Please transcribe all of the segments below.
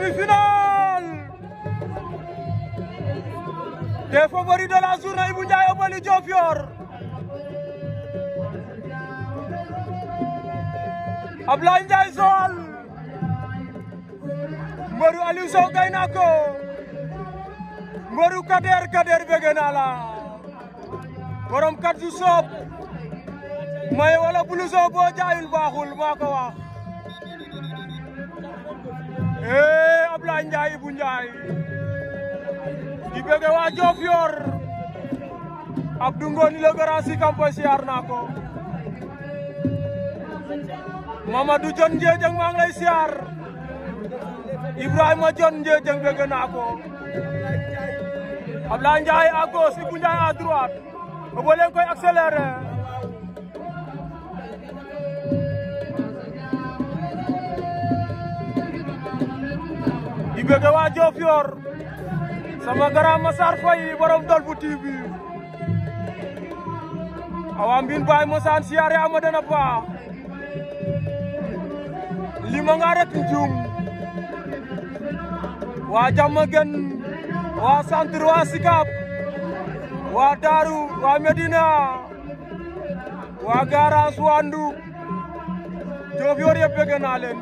demi-finale des favoris de la journée Ibou Ndiaye Obeuli Diofior Ablaye Ndiaye Joal mbaru Aliou Sow ko mbaru Kader Kader bëgg naa la borom kat ju soob may wala blouson boo baaxul maa ko wax eh. Abdoulaye Ndiaye bu Ndiaye di bëgg waa Diofior Abdou Ngoni le grand si Kampo siyaar naa ko Mamadou John Ndiédiène maa ngi lay siyaar naa ko Abdoulaye Ndiaye à gauche Ibou Ndiaye à droite bëgg waa Diofior sama grand Massar Faye borom Dolfo TV awa baay mosaan siyaare ama dana paa lima nga rek njum waa jàmma waa centre waa Sicap waa Daaru waa Medina waa garage waa Ndouck Diofior yëpp naa leen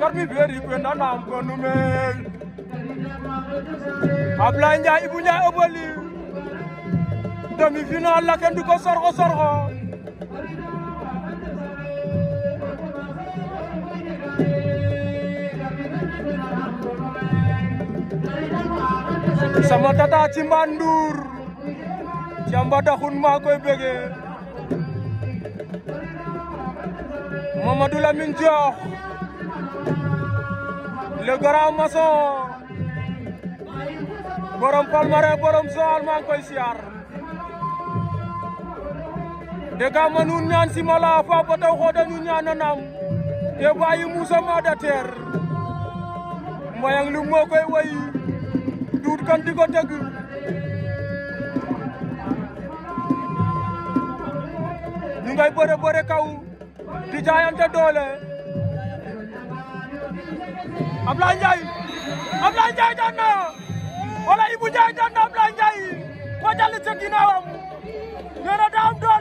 Kami beri kwenda na mkonume ibunya oboli demi final la kendu ko sorgo sorgo sama tata cimandur jamba dahun ma koy bege mama lamine diokh le grand maçon borom Palmarin borom Joal maa ngi koy siyaar dega ma nun ñaan si mala fa ba taw xooda nu ñaananam te bàyyi Moussa Mada Ter mbayang lu moo koy way duut kan di ko ñu ngay bëre bëre kaw di jaayante doole Ablaye Ndiaye Ablaye Ndiaye daan na wala Ibou Ndiaye daan na Ablaye Ndiaye ko jàll ca ginnaawam nee na daa am